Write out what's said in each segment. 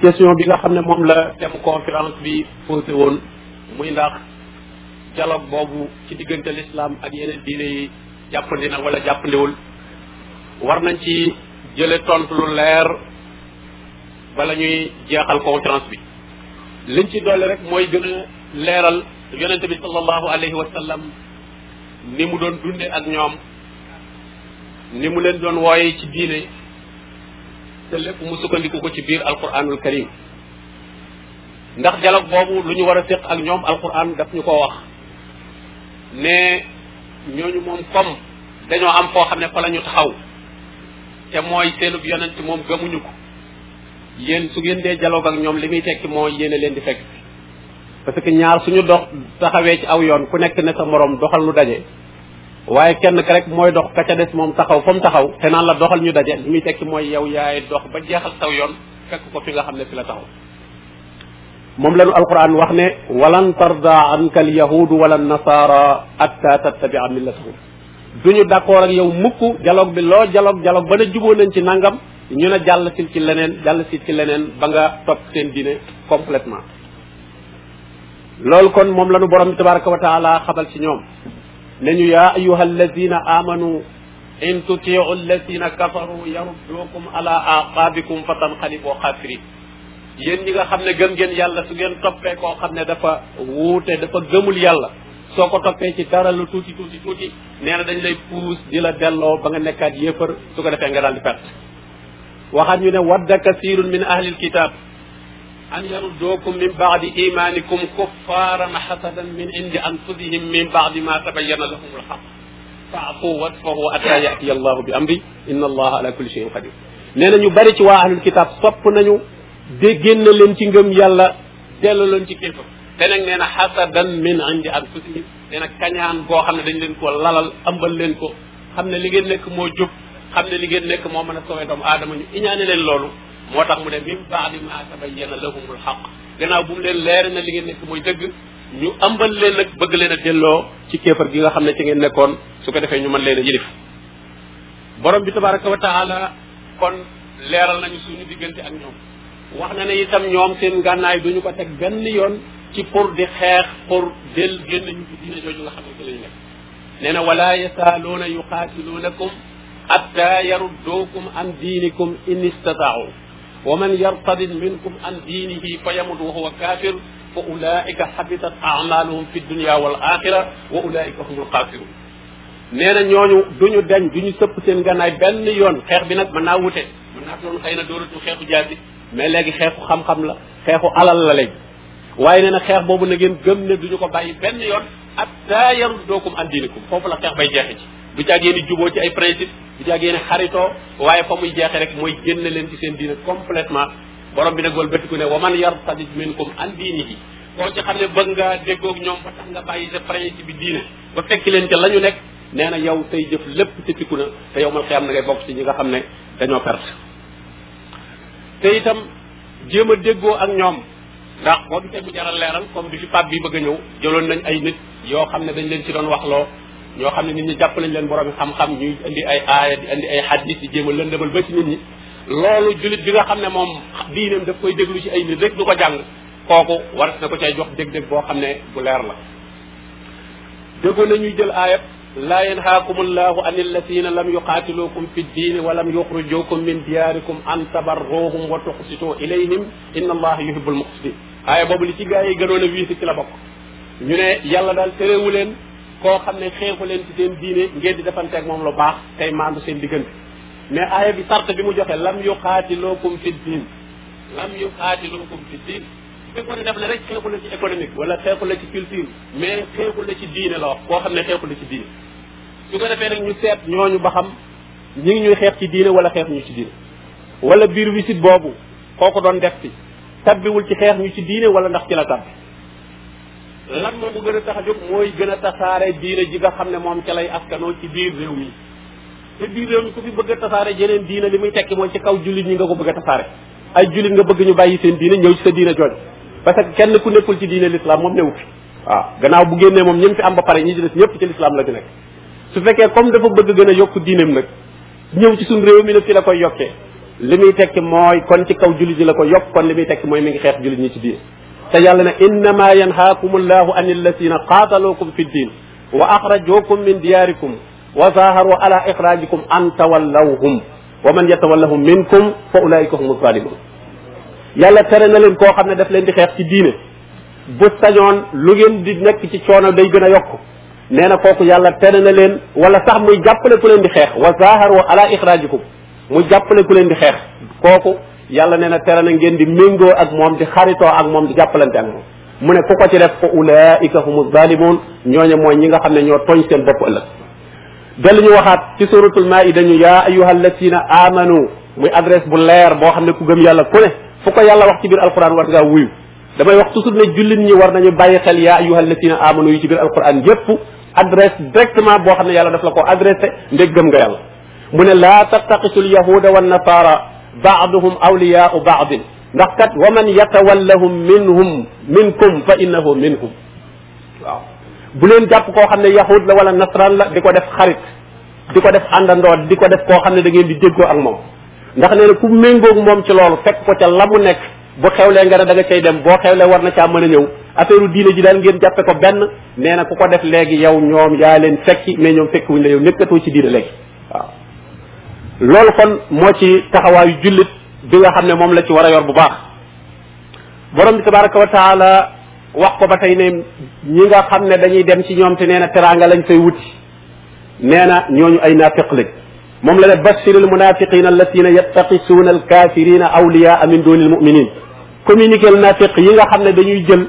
question bi nga xam ne moom la dem conférence bi posé woon muy ndax jalo boobu ci diggante l'islam ak yeneen diine yi jàppandi na walla jàppandiwul war nañ ci jële tontu lu leer bala ñuy jeexal conférence bi liñ ci dolli rek mooy gën leeral yonente bi sallallahu alayhi wa sallam ni mu doon dunde ak ñoom ni mu leen doon wooye ci diine te lépp mu sukkandiku ko ci biir alquranul karim ndax dialogue boobu lu ñu war a séq ak ñoom alquran daf ñu ko wax ne ñooñu moom comme dañoo am foo xam ne fa la ñu taxaw te mooy seenub yonent moom gëmuñu ko yéen su ngeen dee dialogue ak ñoom li muy tekki moo yéen leen di fekk parce que ñaar ñu dox taxawee ci aw yoon ku nekk na sa moroom doxal lu daje waaye kenn ka rek mooy dox ka ca des moom taxaw fa taxaw te naan la doxal ñu daje li muy tekki mooy yow yaay dox ba jeexal taw yoon fekk ko fi nga xam ne fi la taxaw moom lanu lañu alquran wax ne walan tarda anka al yahudu wala nasara atta tattabia millatahum duñu d'accord ak yow mukk dialogue bi loo dialogue dialogue ba ne juboo nañ ci nangam ñu ne jàll sil ci leneen jàll sil ci leneen ba nga topp seen diine complètement loolu kon moom lañu borom bi tabaraka wa ci ñoom ne ñu yaa ayuha alladina amanu in tutiu alladina kafaru yaruddukum ala aqabikum fa tanqalibu xafirin yéen ñi nga xam ne gëm ngeen yàlla su ngeen toppee koo xam ne dafa wuute dafa gëmul yàlla soo ko toppee ci dara lu tuuti tuuti tuuti nee na dañ lay puus di la delloo ba nga nekkaat yéefar su ko defee nga daal di waxaat ñu ne wadda kasirun min ahlil kitab an yaruddukum min ba'di imanikum kuffaran hasadan min indi anfusihim min ba'di ma tabayyana lahum al-haqq fa'fu wasfahu hatta ya'tiya Allahu bi amri inna Allaha ala kulli shay'in qadir nee na ñu bari ci waa ahlul kitaab sopp nañu de génn leen ci ngëm yàlla delloo leen ci kéefar te nag nee na hasadan min indi anfusihim nee na kañaan goo xam ne dañ leen ko lalal ëmbal leen ko xam ne li ngeen nekk moo jub xam ne li ngeen nekk moo mën a sowee doomu aadama ñu iñaane leen loolu moo tax mu ne min baadi ma tabayyana lahumul xaq gannaaw bu mu leen leere na li ngeen nekk mooy dëgg ñu ambal leen nag bëgg leen a delloo ci kéefar gi nga xam ne ci ngeen nekkoon su ko defee ñu mën leen a yilif borom bi tabaraka wa taala kon leeral nañu suñu diggante ak ñoom wax na ne itam ñoom seen gànnaay ñu ko teg benn yoon ci pour di xeex pour del génn ñu ci diine jooju nga xam ne ci lañu nekk nee na wala yasaaluuna yuqaatiluunakum hatta yarudduukum an diinikum in istataau wa man yartadid minkum an diinihi fa yamut wa huwa kaafir fa ulaika xabitat amaluhum fi dunia wal axira wa ulaika humul xaasirun nee na ñooñu duñu dañ duñu sëpp seen gànnaay benn yoon xeex bi nag mën naa wute mën naa doon xëy na dooratu xeexu jaasi mais léegi xeexu xam-xam la xeexu alal la léegi waaye nee na xeex boobu na ngeen gëm ne duñu ko bàyyi benn yoon hatta yaruddukum an dinikum foofu la xeex bay jeexe ci du caag yéen juboo ci ay principe du caag yéen xaritoo waaye fa muy jeexe rek mooy génne leen ci seen diine complètement borom bi nag wëlbatiku ne wa man yartadid minkum an diinihi koo ci xam ne bëgg ngaa déggoog ñoom ba tax nga bàyyi sa principe bi diine ba fekki leen ca la ñu nekk nee na yow tey jëf lépp tëtiku na te yow mal xiyam na ngay bokk ci ñi nga xam ne dañoo perte te itam jéem a déggoo ak ñoom ndax boo te mu jaral leeral comme bi fi pape bi bëgg a ñëw jëloon nañu ay nit yoo xam ne dañ leen ci doon waxloo ñoo xam ne nit ñi jàpp nañ leen borom xam-xam ñuy indi ay aaya di indi ay xadis di jéem a lëndëmal ba ci nit ñi loolu jullit bi nga xam ne moom diineem daf koy déglu ci ay nit rek du ko jàng kooku war na ko cay jox dég-dég boo xam ne bu leer la déggoon na ñuy jël aayab laa yanhaakum allahu an alladina lam yuqaatilukum fi ddiini wa lam yuxrijukum min diyaarikum an tabarruhum wa tuqsitu ilayhim inna allaha yuhibbul muqsitin aaya boobu li ci gaa yi gënoon a wiisi ci la bokk ñu ne yàlla daal terewu leen koo xam ne xeexu leen ci seen diine ngeen di defanteeg moom lu baax tey maandu seen diggante mais aaya bi sart bi mu joxe lam yuqaatilukum fi ddiin lam yuqaatilukum fi ddiin fekkoon def la rek xeexul la ci économique wala xeexul la ci culture mais xeexul la ci diine la wax koo xam ne xeexul la ci diine su ko defee nag ñu seet ñooñu ba xam ñi ngi ñuy xeex ci diine wala xeex ñu ci diine wala biir visite boobu kooku doon def fi tabbiwul ci xeex ñu ci diine wala ndax ci la tabbi lan moom bu gën a tax a jóg mooy gën a tasaare diine ji nga xam ne moom ca lay askanoo ci biir réew mi te biir réew mi ku fi bëgg a tasaare jeneen diine li muy tekki mooy ci kaw jullit ñi nga ko bëgg a tasaare ay bëgg ñu bàyyi seen diine ñëw ci sa diine jooju parce que kenn ku nekkul ci diine l'islam moom newu fi waaw gannaaw bu génnee moom ñi fi am ba pare ñi ci des ñëpp ci l'islam la ñu nekk su fekkee comme dafa bëgg gën a yokk diineem nag ñëw ci suñ réew mi nag fi la koy yokkee li muy tekki mooy kon ci kaw jullit ñi la ko yokk kon li muy tekki mooy mi ngi xeex jullit ñi ci diine te yàlla na innama yanhaakum allahu an alladina qaataluukum fi ddin wa axrajukum min diyaarikum wa zaaharu ala ixraajikum an tawallawhum wa man yatawallahum minkum fa ulaika hum zalimun yàlla tere na leen koo xam ne daf leen di xeex ci diine bu sañoon lu ngeen di nekk ci coono day gën a yokk nee na kooku yàlla tere na leen wala sax muy jàppale ku leen di xeex wa zahar wa ala ixraajikum mu jàppale ku leen di xeex kooku yàlla nee na tere na ngeen di méngoo ak moom di xaritoo ak moom di jàppalante ak moom mu ne ku ko ci def fa ulaika humu zalimun ñooñe mooy ñi nga xam ne ñoo tooñ seen bopp ëllëg dellu ñu waxaat ci suratul maida ñu yaa ayuha alladina amanu muy adresse bu leer boo xam ne ku gëm yàlla ku fu ko yàlla wax ci biir alquran war ngaa wuyu damay wax toujours ne jullit ñi war nañu bàyyi xel yaa ayyuhal ladina amanu yi ci biir alquran yépp adresse directement boo xam ne yàlla daf la ko adressé ndég gëm nga yàlla mu ne laa tattaqisu lyahuda wannasaara baaduhum awliyaau baadin ndax kat wa man yatawallahum minhum minkum fa innahu minhum waaw bu leen jàpp koo xam ne yahud la walla nasran la di ko def xarit di ko def a àndandoo di ko def koo xam ne da ngeen di déggoo ak moom ndax nee na ku méngoog moom ci loolu fekk ko ca la mu nekk bu xewlee nga ne da nga cay dem boo xewlee war na caa mën a ñëw affaire diine ji daal ngeen jàppe ko benn nee na ku ko def léegi yow ñoom yaa leen fekki mais ñoom fekk wuñ la yow nekkatoo ci diine léegi waaw loolu kon moo ci taxawaayu jullit bi nga xam ne moom la ci war a yor bu baax borom bi tabaraka wa wax ko ba tey ne ñi nga xam ne dañuy dem ci ñoom te nee na teraanga lañ fay wuti nee na ñooñu ay naafiq moom la ne bassir al munafiqina allatina yattaqisuuna al kafirina awliyaa min duni al muminin communiqué nafiq yi nga xam ne dañuy jël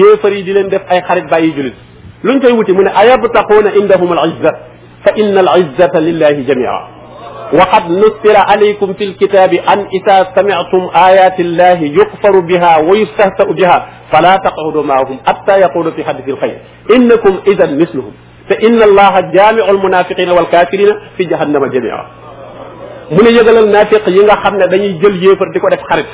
yéefar yi di leen def ay xarit bàyyi julit luñ koy wuti mu ne ayabtaquuna indahum al izza fa inna al izzata lillahi jamia wa qad nusira alaykum fi lkitabi an isa samitum ayati llahi yukfaru biha wa yustahsau biha fala taqudu maahum hatta yaqudu fi hadisi lxayr innakum idan misluhum te inna allaha jaamiul munafiqina wal kafirina fi jahannama jamia mu ne yëgalal naafiq yi nga xam ne dañuy jël yéefar di ko def xarit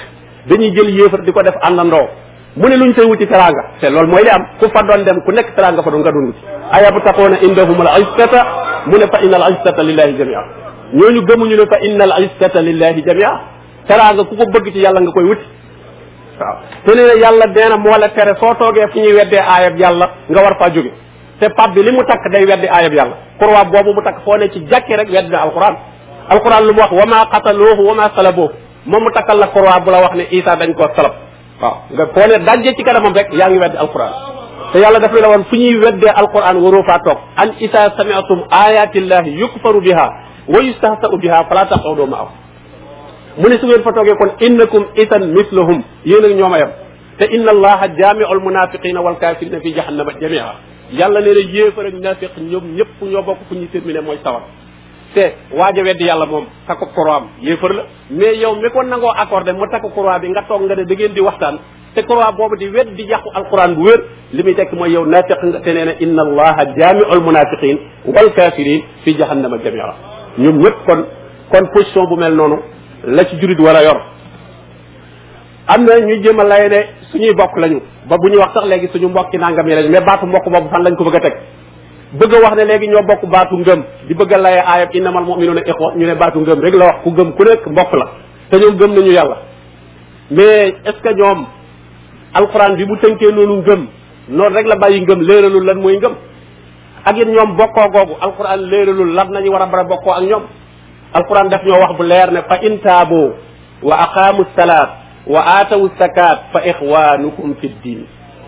dañuy jël yéefar di ko def àndandoo mu ne luñ tay wuti teraanga te loolu mooy li am ku fa doon dem ku nekk teraanga fa doon nga doon wuti ayabtaquuna indahum al izzata mu ne fa inna al izzata a jamia ñu gëmuñu ne fa inna al izzata lillahi jamia teraanga ku ko bëgg ci yàlla nga koy wuti waaw te nee na yàlla nee na moo la tere soo toogee fu ñuy weddee aayab yàlla nga war faa jóge te pap bi li mu takk day weddi aayab yàlla kurwa boobu mu takk foo ne ci jàkki rek weddi na alquran lu mu wax wa ma qataluuhu wa ma salabuuhu moom mu takk la kurwa bu la wax ne isa dañ koo salab waaw nga foo ne dajje ci kanamam rek yaa ngi weddi alquran te yàlla daf la woon fu ñuy weddee alquran waroo faa toog an isa samiatum ayatillahi yukfaru biha wa yustahsau biha fala taqudu ma mu ne su ngeen fa toogee kon innakum isan mislahum yéen ak ñoom a yem te inna allaha jaamiul munafiqina wal kafirina fi jahannama jamia yàlla nee na yéefar ak naafiq ñoom ñëpp ñoo bokk fu ñuy terminé mooy sawar te waaj a yàlla moom takk croix am yéefar la mais yow mi ko nangoo accordé mu takku croix bi nga toog nga ne da ngeen di waxtaan te croix boobu di wet di yàqu alquran bu wér li muy tekk mooy yow naafiq nga te nee na inna allaha jaamiul munafiqin wal kafirin fi jahannama jamia ñoom ñëpp kon kon bu mel noonu la ci jurit war a yor am na ñu jéem lay ne ñuy bokk lañu ba bu ñu wax sax léegi suñu mbokki nangam yi lañu mais baatu mbokk boobu fan lañ ko bëgg a teg bëgg a wax ne léegi ñoo bokk baatu ngëm di bëgg a laye aayab innamal mu'minuna ikhwa ñu ne baatu ngëm rek la wax ku gëm ku nekk mbokk la te ñoom gëm nañu yàlla mais est ce que ñoom alxuraan bi bu tënkee noonu ngëm noonu rek la bàyyi ngëm léeralul lan mooy ngëm ak it ñoom bokkoo googu alxuraan léeralul lan nañu war a bara bokkoo ak ñoom alxuraan def ñoo wax bu leer ne fa in taabo wa aqaamu salaat wa aatawu zakaat fa ixwaanukum fi diin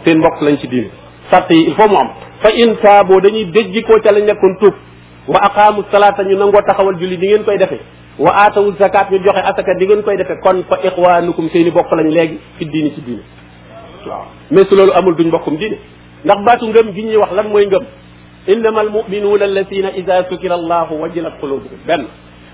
seen mbokk lañ ci diin sarti yi il faut mu am fa in taaboo dañuy déjjikoo ca lañ nekkoon tuub wa aqaamu salaata ñu nangoo taxawal julli di ngeen koy defee wa atawu zakaat ñu joxe asaka di ngeen koy defee kon fa ixwaanukum seen i bokk lañ léegi fi diini ci diine waaw mais loolu amul duñ bokkum diine ndax baatu ngëm gi ñuy wax lan mooy ngëm innama almuminuuna alladina ida sukira allahu wajilat qulubuhum benn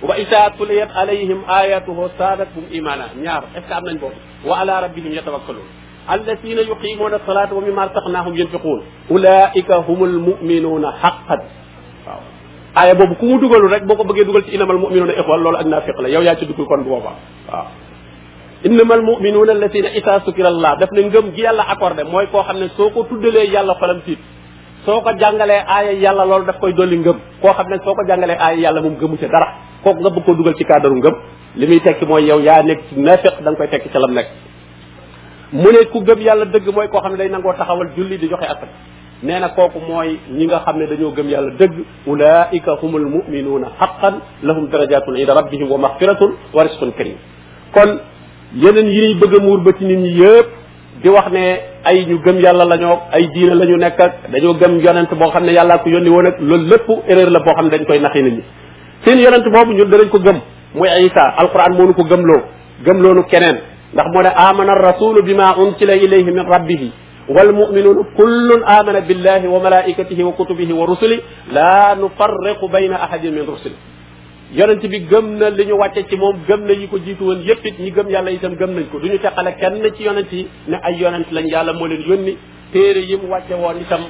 wa isa tuliyat alayhim ayatuhu saadathum imana ñaar est ce que am nañ boobu wa ala rabbihim yatawakkalun alladina yuqimuna salata wa mimma razaqnahum yunfiqun ulaika humul muminuna haqqan waaw aaya boobu ku mu dugalu rek boo ko bëggee dugal ci inamal muminuna ixwa loolu ak naafiq la yow yaa ci dugg kon booba waaw innamal muminuna alladina isa sukira allah daf ne ngëm gi yàlla accordé mooy koo xam ne soo ko tuddalee yàlla xolam tiit soo ko jàngalee aaya yàlla loolu daf koy dolli ngëm koo xam ne soo ko jàngalee aaya yàlla mu gëmu ca dara kooku nga bëgg ko dugal ci cadre ngëm li muy tekki mooy yow yaa nekk ci nafiq da nga koy tekki ca lam nekk mu ne ku gëm yàlla dëgg mooy koo xam ne day nangoo taxawal julli di joxe asaka nee na kooku mooy ñi nga xam ne dañoo gëm yàlla dëgg ulaika humul muminuuna haqqan lahum darajatun inda rabbihim wa maxfiratun wa risqun karim kon yeneen yi bëgg a muur nit ñi yëpp di wax ne ay ñu gëm yàlla lañoo ay diine la ñu nekk ak dañoo gëm yonent boo xam ne yàllaa ko yónni woon ak loolu lépp erreur la boo xam ne dañ koy naxi nit ñi seen yonent boobu ñun danañ ko gëm muy isa alquran moo nu ko gëmloo gëmloo nu keneen ndax moo ne amana rasulu bima unsila ilayhi min rabbihi walmuminuuna kullun amana billahi wa malaikatihi wa kutubihi wa rusuli la nufarriqu bayna ahadin min rusuli yonent bi gëm na li ñu wàcce ci moom gëm na yi ko jiitu woon yépp it ñi gëm yàlla yi tam gëm nañ ko du ñu teqale kenn ci yonent yi ne ay yonent lañ yàlla moo leen yónni téere yi mu wàcce woon itam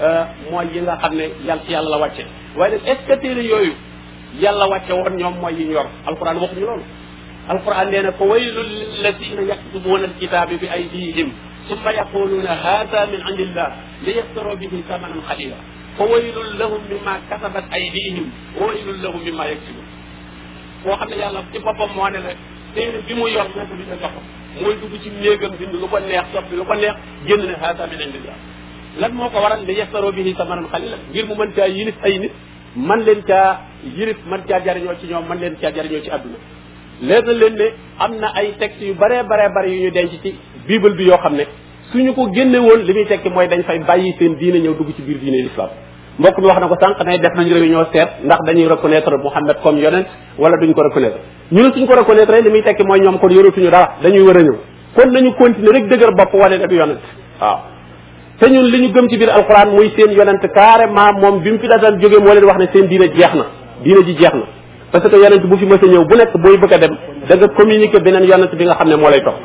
euh, mooy yi nga xam ne yàlla ci yàlla la wàcce waaye nag est téere yooyu yàlla wàcce woon ñoom mooy yi ñu yor alquran waxuñu loolu alquran nee na fa waylul lillazina yaktubuuna alkitaabi bi aydihim summa yaquluuna haada min indillah li yashtaroo bihi thamanan qalila fa waylul lahum mimma kasabat aydihim wa waylul lahum mimma yaksibun koo xam ne yàlla ci boppam moo ne la téere bi mu yor moo mooy dugg ci néegam bind lu ko neex soppi lu ko neex génn ne haasa min indillah lan moo ko waral li yastaroo bihi samanan xalila ngir mu mën caa yilif ay nit man leen caa yilif man caa jariñoo ci ñoom man leen caa jariñoo ci àdduna leer leen ne am na ay textes yu baree bare bari yu ñu denc ci bible bi yoo xam ne suñu ko génne woon li muy tekki mooy dañ fay bàyyi seen diine ñëw dugg ci biir diine l'islam mbokk mi wax na ko sànq ne def nañu réunion seet ndax dañuy reconnaître Muhammad comme yonent wala duñ ko reconnaître ñu ne suñ ko reconnaître li muy tekki mooy ñoom kon yoratuñu dara dañuy war a ñëw kon nañu continuer rek dëgër bopp wane def yonent waaw te ñun li ñu gëm ci biir alxuraan muy seen yonent carrément moom bi mu fi daan jógee moo leen wax ne seen diine jeex na diine ji jeex na parce que yonent bu fi mës ñëw bu nekk booy bëgg a dem da beneen yonent bi nga xam ne moo lay topp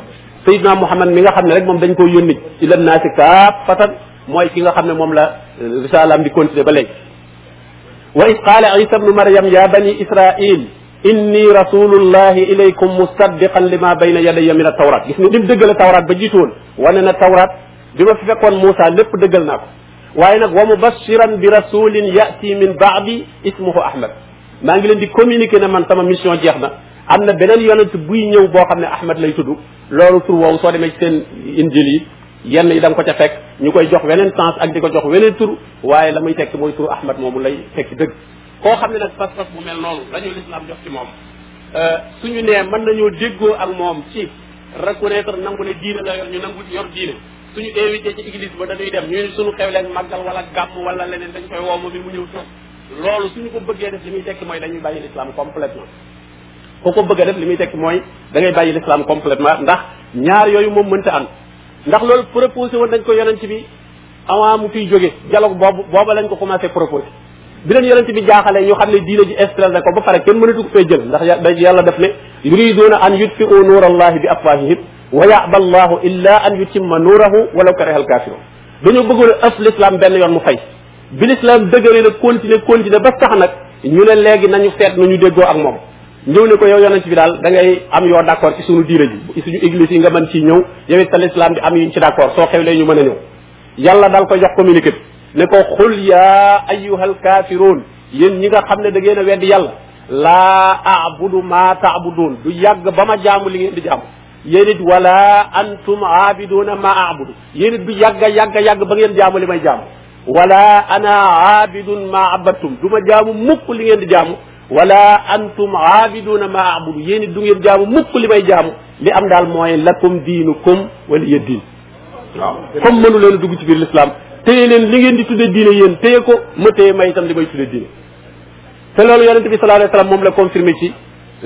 Seydina Muhammad mi nga xam ne rek moom dañ koo yónni ci lan naa si kaafatan mooy ki nga xam ne moom la euh, risalaam di continuer ba léegi wa id qaala isa bnu maryam ya bani israil inni rasulullahi ilaykum musaddiqan lima bayna yadayya min atawrat gis ni ni mu dëggale tawraat ba jiitu woon wane na tawraat bi ma fi fekkoon Moussa lépp dëggal naa ko waaye nag wa mubashiran bi rasulin yati min baadi ismuhu ahmad maa ngi leen di communiquer ne man sama mission jeex na am na beneen yonent buy ñëw boo xam ne ahmad lay tudd loolu tur woowu soo demee ci seen injil yi yenn yi da nga ko ca fekk ñu koy jox weneen sens ak di ko jox weneen turu waaye la muy tekki mooy tur ahmad moomu lay tekki dëgg koo xam ne nag pas-pas bu mel noonu la ñu lislaam jox ci moom euh, suñu nee mën nañoo déggoo ak moom ci reconnaître nangu ne diine la yor ñu nangu yor diine suñu invité ci église ba dañuy dem ñu suñu xewleen màggal wala gàmm wala leneen dañ koy woo bi mu ñëw toog loolu suñu ko bëggee def li muy tekki mooy dañuy bàyyi l'islam complètement ku ko bëgg a li muy tekki mooy da ngay bàyyi l'islam complètement ndax ñaar yooyu moom mënta am ndax loolu proposé woon dañ ko yonent bi avant mu fiy jóge dialogue boobu booba lañ ko commencé proposé bi leen yonent bi jaaxalee ñu xam ne diine ji estrel na ko ba pare kenn mënatu ko fee jël ndax yàlla def ne yuriduuna an yutfiu nuur allahi bi afwahihim wa yaba allahu illa an yutimma nuurahu walaw kariha alkafirun dañoo bëggoon a ëf l'islam benn yoon mu fay bi l'islam dëgëree na continuer continuer ba sax nag ñu ne léegi nañu seet nu ñu déggoo ak moom ñëw ne ko yow yonent bi daal dangay am yoo d'accord ci suñu diine ji suñu église yi nga mën ci ñëw yow it l'islam bi am yuñ ci d'accord soo xewlee ñu mën a ñëw yàlla daal ko jox communiqué bi ne ko xul yaa ayyuhal kaafiruun yéen ñi nga xam ne da ngeen a weddi yàlla laa a a'budu ma ta'budun du yàgg ba ma jaamu li ngeen di jaamu yéen it wala antum aabiduuna ma a'budu yéen it du yàgg yàgg yàgg ba ngeen jaamu li may jaamu wala ana aabidun ma abadtum du ma jaamu mukk li ngeen di jaamu wala antum aabiduna ma abudu yéen it du ngeen jaamu mukk li may jaamu li am daal mooy lakum diinukum waliya diin waaw comme mënu leen a dugg ci biir l'islam téye leen li ngeen di tudde diine yéen téye ko ma téye may itam li may tudde diine te loolu yonente bi sallallahu alayhi wasallam moom la confirmé ci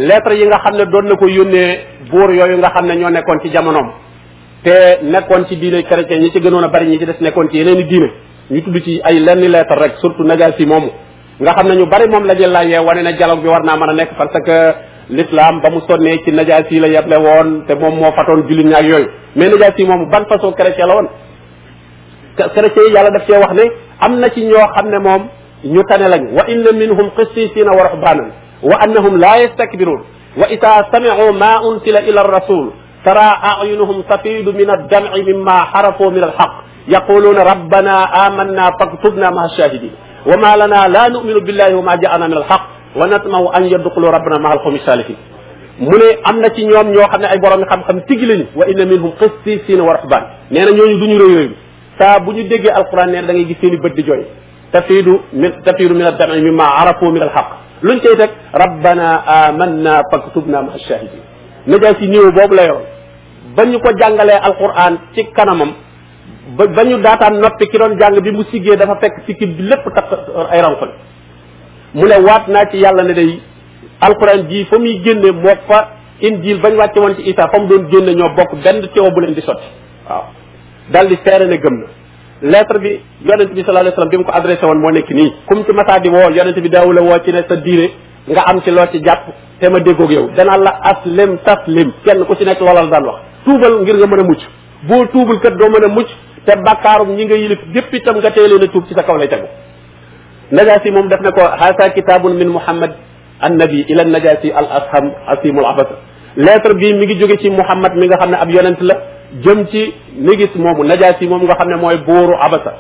lettre yi nga xam ne doon na ko yónnee buur yooyu nga xam ne ñoo nekkoon ci jamonoom te nekkoon ci diine chrétien ñi ci gënoon a bari ñi ci des nekkoon ci yeneen i diine ñu ci ay lenn lettre rek surtout Najaasi moomu nga xam ne ñu bari moom la ñu laajee wane na dialogue bi war naa mën a nekk parce que l'islam ba mu sonnee ci najaas yi la yeble woon te moom moo fatoon jullit ñaak yooyu mais najaas yi moom ban façon chrétien la yalla chrétiens daf cee wax ne am na ci ñoo xam ne moom ñu tane lañ wa inna minhum qissisina wa ruhbanan wa annahum la yastakbirun wa ida sami'u ma unsila ila rasul tara ayunuhum tafidu min addam'i mimma xarafu min alxaq yaquluna rabbana amanna faktubna maa shahidin wa ma lana la numinu billahi wa ma jaana min alxaq wa natmahu an yadxulu rabbana ma alqawmi salihin mu ne am na ci ñoom ñoo xam ne ay borom xam-xam tigi lañu wa inna minhum qissisiina wa ruhbaan nee na ñooñu duñu réy yooyu saa bu ñu déggee alquran nee na da ngay gis seen i bët di jooy tafiidu min tafiidu min addami mimma arafu min alxaq luñ cay teg rabbana amanna faktubna ma ashahidin najaasi niveau boobu la yoroon ba ñu ko jàngalee alquran ci kanamam ba ba ñu daataan noppi ki doon jàng bi mu siggee dafa fekk sikki bi lépp takk ay ronkoñ mu ne waat naa ci yàlla ne day alxuraan ji fa muy génne moo fa injiil bañ wàcce woon ci isaa fa mu doon génne ñoo bokk benn teew bu leen di sotti waaw dal di seere ne gëm na lettre bi yonente bi sallallahu alayhi wasallam bi mu ko adressé woon moo nekk nii comme ci masaa di woo yonente bi daawu la woo ci ne sa diine nga am ci loo ci jàpp te ma déggoog yow danaa la aslim taslim kenn ku ci nekk loolal daan wax tuubal ngir nga mën a mucc boo tuubul kat doo mën a mucc te bakkaarum ñi nga yilif yépp itam nga tee leen a tuub ci sa kaw lay tegu najaasi moom def na ko haasa kitaabun min muhammad annabi ila najaasi al asham asimul abasa lettre bii mi ngi jóge ci muhammad mi nga xam ne ab yonent la jëm ci négis moomu najaasi moom nga xam ne mooy bóoru abasa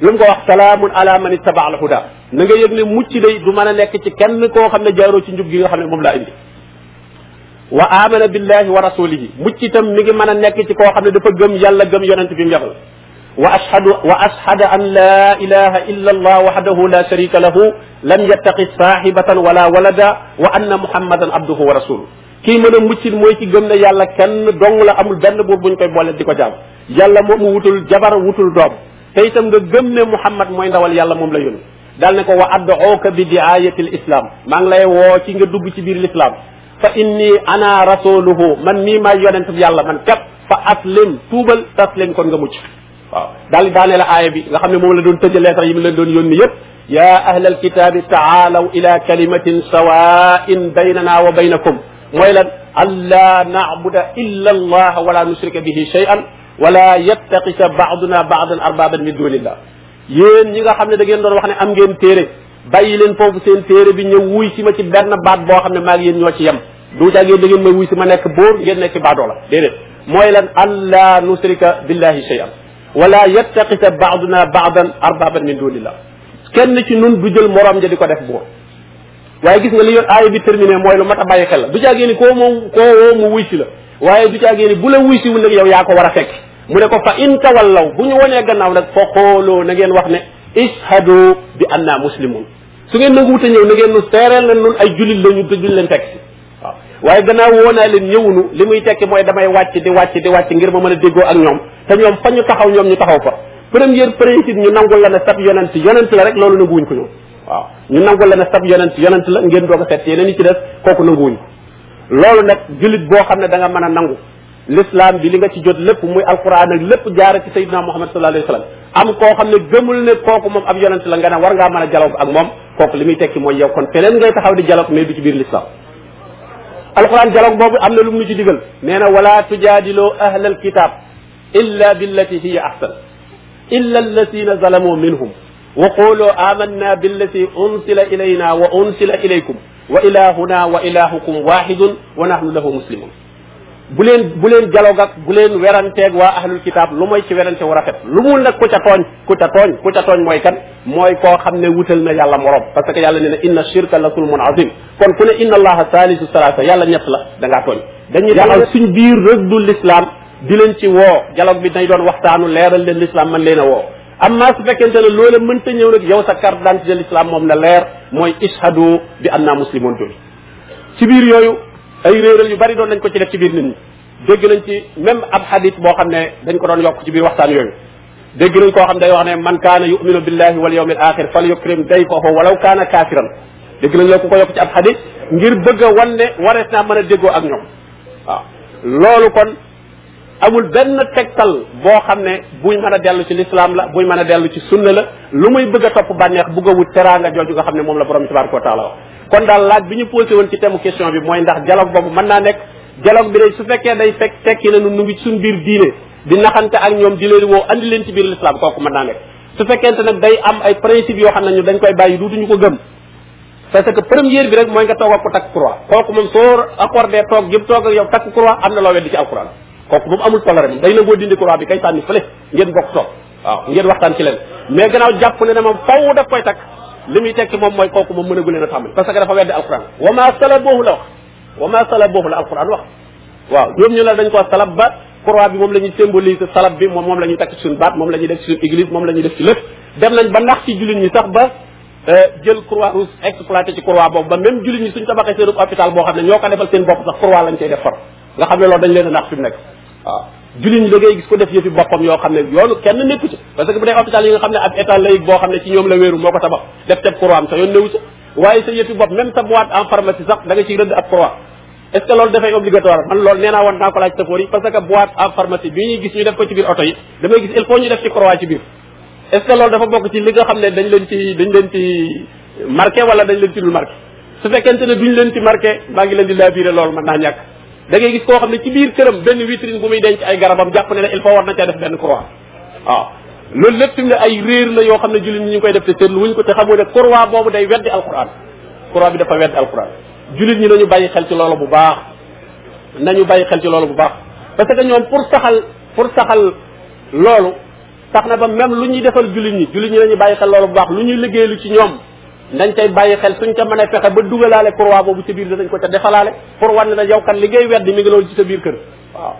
lu mu ko wax salaamun ala man ittaba al huda na nga yëg ne mucc day du mën a nekk ci kenn koo xam ne jaaroo ci njub gi nga xam ne moom laa indi wa amana billahi wa rasulihi mucc itam mi ngi mën a nekk ci koo xam ne dafa gëm yàlla gëm yonent bi mu yebal wa ashhadu wa ashhadu an la ilaha illa allah wahdahu la sharika lahu lam yattaqi saahibatan wala walada wa anna muhammadan abduhu wa rasuluhu kii mën a muccin mooy ci gëm ne yàlla kenn dong la amul benn buur buñ koy boole di ko jaam yàlla moomu wutul jabar wutul doom te itam nga gëm mu muhammad mooy ndawal yàlla moom la yónni daal ne ko wa addooka bi diayati l islam maa ngi lay woo ci nga dugg ci biir l'islam fa inni ana rasuluhu man mii maay yonent yàlla man kat fa aslim tuubal taslim kon nga mucc waaw daal di daanee la aaya bi nga xam ne moom la doon tëjee lettre yi mu leen doon yónni yëpp yaa ahlal kitaabi taalaw ila kalimatin sawain baynana wa baynakum mooy lan allaa naabuda illa allah wala nusrika bihi shay'an wala yattaqisa baaduna baadan arbaban min dunillah yéen ñi nga xam ne da ngeen doon wax ne am ngeen téere bàyyi leen foofu seen téere bi ñëw wuy si ma ci benn baat boo xam ne maa ngi ñoo ci yem du ca ngeen da ngeen may wuy si ma nekk bóor ngeen nekk baadoo la déedéet mooy lan allaa nusrika billahi shay'an wala yattaqisa baaduna baadan arbaban min dunillah kenn ci nun du jël morom ja di ko def buur waaye gis nga li yoon aaya bi terminé mooy lu mat a bàyyi xel la du caagee ni koo moom koo woo mu wuy si la waaye du caagee ni bu la wuy si wul nag yow yaa ko war a fekk mu ne ko fa in law bu ñu wonee gannaaw nag fa xooloo na ngeen wax ne ishadu bi anna muslimun su ngeen nangu wut a ñëw na ngeen nu seereel na nun ay jullit lañu te duñ leen fekk waaye gannaaw woo naa leen ñëwunu li muy tekki mooy damay wàcc di wàcc di wàcc ngir ma mën a déggoo ak ñoom te ñoom fa ñu taxaw ñoom ñu taxaw fa première principe ñu nangul la ne sab yonent yonent la rek loolu nanguwuñ la yonent la ngeen doog a seet yeneen yi ci des kooku nanguwuñ ko loolu nag jullit boo xam ne da mën a nangu l'islam bi li nga ci jot lépp muy alquran ak lépp jaare ci sayyidina muhammad sallallahu alayhi wasallam am koo xam ne gëmul ne kooku moom ab yonent la nga war ngaa a dialogue ak moom kooku li muy tekki mooy di dialogue mais du ci biir alquran dialogue boobu am na lu mu ci digal nee na wala tujaadiloo ahlal kitaab illa billati hiya ahsan illa allatina zalamu minhum wa qulu amanna billati unsila ilayna wa unsila ilaykum wa ilahuna wa ilahukum wahidun wa nahnu lahu muslimun bu leen bu leen dialogue ak bu leen weranteeg waa ahlul kitaab lu mooy ci werante wu rafet lu mul nag ku ca tooñ ku ca tooñ ku ca tooñ mooy kan mooy koo xam ne wutal na yàlla morom parce que yàlla nee na inna shirka la sulmun azim kon ku ne inna allaha saalisu salaasa yàlla ñett la da ngaa tooñ dañuy daal suñ biir rëddul l'islam di leen ci woo dialogue bi dañ doon waxtaanu leeral leen l'islam man leen a woo amma su fekkente ne loola mënta ñëw nag yow sa carte d'identité l'islam moom na leer mooy ishadu bi anna muslimun ci ay réeral yu bari doon nañ ko ci def ci biir nit ñi dégg nañ ci même ab xadis boo xam ne dañ ko doon yokk ci biir waxtaan yooyu dégg nañ koo xam day wax ne man kaana yuminu billahi wal yawmil axir fal yukrim dayfahu walaw kaana kaafiran dégg nañ loolu ku ko yokk ci ab xadis ngir bëgg a wan ne warees naa mën a déggoo ak ñoom waaw loolu kon amul benn tegtal boo xam ne buy mën a dellu ci lislaam la buy mën a dellu ci sunna la lu muy bëgg a topp bànneex bëgg a wut teraanga jooju nga xam ne moom la borom bi tabaraka wa kon daal laaj bi ñu posé woon ci thème question bi mooy ndax dialogue boobu mën naa nekk dialogue bi day su fekkee day fekk fekki na nu ngi ci suñ biir diine di naxante ak ñoom di leen woo andi leen ci biir l'islam kooku mën naa nekk su fekkente nag day am ay principe yoo xam ne ñu dañ koy bàyyi duutuñu ko gëm parce que première bi rek mooy nga toog ak ko takk croix kooku moom soo accordé toog yëpp toog ak yow takk croix am na loo weddi ci alquran kooku moom amul toléré moom day nangoo dindi croix bi kay sànni fële ngeen bokk toog waaw ngeen leen mais gannaaw jàpp ne ne moom faw daf koy takk li muy tekki moom mooy kooku moom mën agu leen a tàmbali parce que dafa weddi alquran wa ma salabohu la wax waaw ñoom ñu la dañ ko salab ba croix bi moom la ñuy symboliser bi moom moom la ñuy takk ci suñu baat moom la ñuy def ci suñu église moom la ñuy def ci lépp dem nañ ba ndax ci jullit ñi sax ba euh, jël croix rouge exploité ci croix boobu ba même jullit ñi suñ tabaxee seen hôpital boo xam ne ñoo ko defal seen bopp sax croix lañ cay def far nga xam ne loolu dañ a jullit ñi da ngay gis ko def yëfi boppam yoo xam ne yoonu kenn nekku ci parce que bu dee hôpital yi nga xam ne ab état laïque boo xam ne ci ñoom la wéeru moo ko tabax def teb croix am sa yoon newu ci waaye sa yëfi bopp même sa boîte en pharmacie sax da nga ciy rëdd ab croix est ce que loolu dafay obligatoire man loolu nee naa woon ko laaj safoor yi parce que boîte en pharmacie bi ñuy gis ñu def ko ci biir oto yi damay gis il ñu def ci croix ci biir leen ci dañ leen ci leen ci dul marqué loolu mën naa ñàkk da ngay gis koo xam ne ci biir këram benn vitrine bu muy denc ay garabam jàpp ne ne il faut war na caa def benn croix waaw loolu lépp mu ne ay réer la yoo xam ne jullit ñi ñu koy def te seetlu wuñ ko te xamoo ne croix boobu day weddi alquran croix bi dafa weddi alquran jullit ñi ñu bàyyi xel ci loolu bu baax nañu bàyyi xel ci loolu bu baax parce que ñoom pour saxal pour saxal loolu tax na ba même lu ñuy defal jullit ñi jullit ñi ñu bàyyi xel loolu bu baax lu ñuy liggéeylu ci ñoom nañ cay bàyyi xel ñu ca mën a fexe ba dugalaale pourwaa boobu ca biir danañ ko ca defalaale pour wane na yow kat li ngay weddi mi ngi loolu ci sa biir kër waaw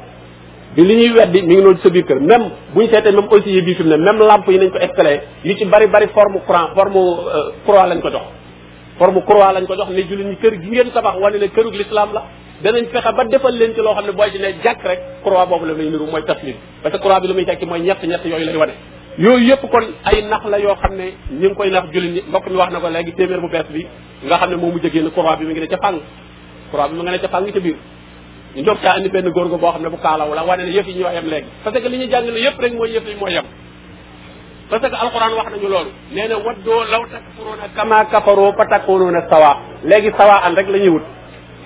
li ñuy weddi mi ngi loolu ci sa biir kër même bu ñu même aussi yi bii fi ne même lampe yi nañ ko escalé yu ci bari bari forme courant forme euh, croix lañ ko jox forme croix lañ ko jox ne jullit ñi kër gi ngeen tabax wane ne kërug l'islam la danañ fexe ba defal leen ci loo xam ne booy ci ne jàkk rek croix boobu ñett ñett yooyu lay wane yooyu yëpp kon ay nax la yoo xam ne ñi ngi koy nax jullit ñi mbokk mi wax na ko léegi téeméer bu bees bi nga xam ne moo mujjee génn croix bi mu ngi ne ca fàng croix bi mu ngi ne ca fàng ca biir ñu doog caa indi benn góor ga boo xam ne bu kaalaw la wane ne yëf yi ñoo yem léegi parce que li ñu jàngale yëpp rek mooy yëf yi mooy yem parce que alxuraan wax nañu loolu nee na waddoo law takfuruuna kama kafaroo fa takunuuna sawa léegi sawa an rek la ñuy wut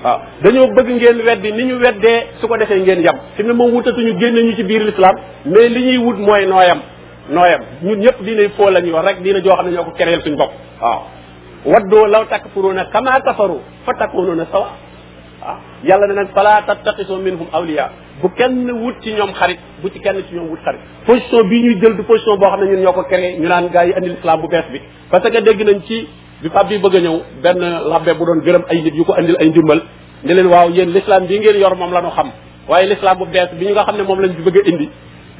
waaw dañoo bëgg ngeen weddi ni ñu weddee su ko defee ngeen yem fi mu ne moom wutatuñu génne ñu ci biir l'islam mais li ñuy wut mooy noo yem nooyam ñun ñëpp diinay foo la ñuy wax rek diina joo xam ne ñoo ko kereel suñ bopp waaw waddoo law takk takfuruuna kama kafaru fa takunuuna sawa waaw yàlla ne nag fala tattaqisu minhum awliya bu kenn wut ci ñoom xarit bu ci kenn ci ñoom wut xarit position bii ñuy jël du position boo xam ne ñun ñoo ko créé ñu naan gars yi andil islam bu bees bi parce que dégg nañ ci bi pap bi bëgg a ñëw benn labbe bu doon gërëm ay nit yu ko indi ay ndimbal ne leen waaw yéen ngeen yor moom la xam waaye l'islam bu bees bi nga xam ne moom lañ bi bëgg a indi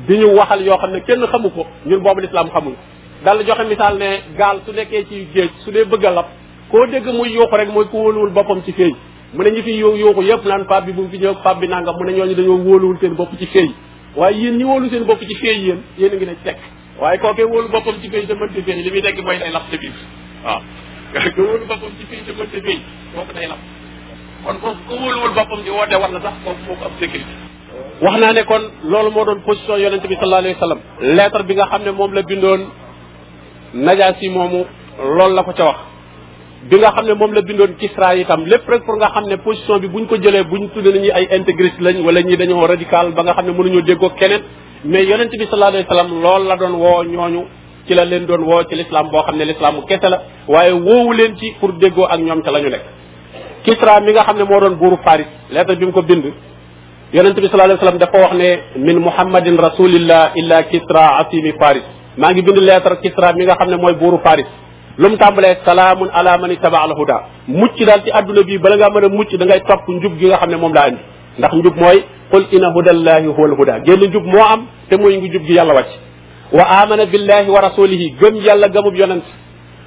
bi ñu waxal yoo xam ne kenn xamu ko ñun boobu lislaam xamuñ dal la joxe misaal ne gaal su nekkee ci géej su dee bëgg a lab koo dégg muy yuuxu rek mooy ku wóoluwul boppam ci feeñ mu ne ñu fi yu yuuxu yëpp naan pap bi bu mu fi ñëw pap bi nangam mu ne ñooñu dañoo wóoluwul seen bopp ci feeñ waaye yéen ñi wóolu seen bopp ci feeñ yéen yéen ngi ne tekk waaye kookee wóolu boppam ci feeñ te mënti feeñ li muy tekk mooy day lab ci biir waaw ko wóolu boppam ci feeñ te day lab kon kooku ko wóoluwul boppam di woote war na sax kooku kooku ab sécurité wax naa ne kon loolu moo doon position yonente bi sallallahu alayhi wa sallam lettre bi nga xam ne moom la bindoon najaasi moomu loolu la ko ca wax nga xam ne moom la bindoon Kisra itam lépp rek pour nga xam ne position bi buñ ko jëlee buñ tuddee nañu ay intégriste lañ wala ñi dañoo radical ba nga xam ne mënuñoo déggoo keneen mais yonente bi sallallahu alayhi wa sallam la doon woo ñooñu ci la leen doon woo ci boo xam ne l'islam mu kese la waaye woowu leen ci pour déggoo ak ñoom ca la ñu nekk Kisra mi nga xam ne moo doon buuru Paris lettre bi mu ko bind yonente bi sallallahu alayhi wasallam dafa wax ne min muhammadin rasulillah illa kisra asimi faris maa ngi bind lettre kisra mi nga xam ne mooy buuru faris lu mu tàmbalee salaamun ala man ittaba al huda mucc daal ci adduna bii bala ngaa mën a mucc da ngay topp njub gi nga xam ne moom laa indi ndax njub mooy qul inna hudallahi huwa al huda génn njub moo am te mooy ngi njub gi yàlla wàcc wa amana billahi wa rasulihi gëm yàlla gëmub yonent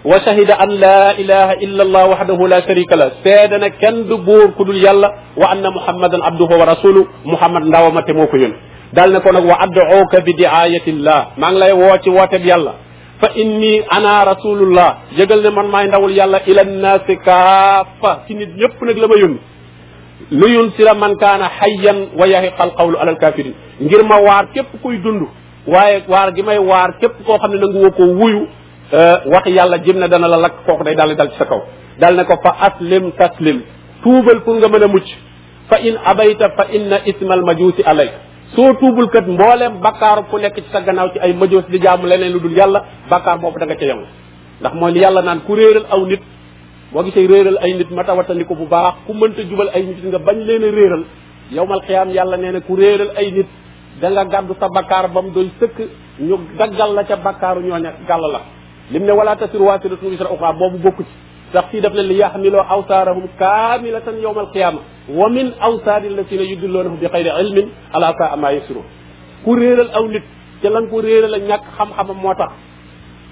wa shahida an laa ilaha illa allah wahdahu la sharika la seede na kenn du buur ku dul yàlla wa anna muhammadan abduhu wa rasulu muhammad ndawama te moo ko yónni daal ne ko nag wa ad'uka bi diayatillah maa ngi lay woo ci wooteb yàlla fa inni ana rasulullah yëgal ne man maay ndawul yàlla ila nnaasi kaafa ci nit ñëpp nag la ma yónni li yunsira man kaana hayyan wa yahiqa alqawlu ala alkafirin ngir ma waar képp kuy dund waaye waar gi may waar képp koo xam ne nangu woo ko wuyu Euh, waxi yàlla jëm ne dana la lakk kooku day di dal ci sa kaw dal ne ko fa aslim taslim tuubal pour nga mën a mucc fa in abayta fa inna ismal majuusi alay soo tuubul kat mbooleem bakkaar ku nekk ci sa gannaaw ci ay majoos di jàmm leneen lu dul yàlla bakkaar boobu da nga ca yemu ndax mooy li yàlla naan ku réeral aw nit boo gisee réeral ay nit mata watandi ko bu baax ku mënta jubal ay nit nga bañ leen a réeral yowmal xiyaam yàlla nee na ku réeral ay nit da nga gàddu sa bakkaar ba mu doy sëkk ñu daggal ca bakkaaru ñooña gàll la lim ne wala tasir waasiratun wisra uxraa boobu bokku ci ndax fii daf ne li yaxmiloo awsaarahum kaamilatan yowma alqiyama wa min awsaari allatina yudilloonahum bi xayri ilmin ala saa ma yasiruun ku réeral aw nit ca lan ko réeral a ñàkk xam-xamam moo tax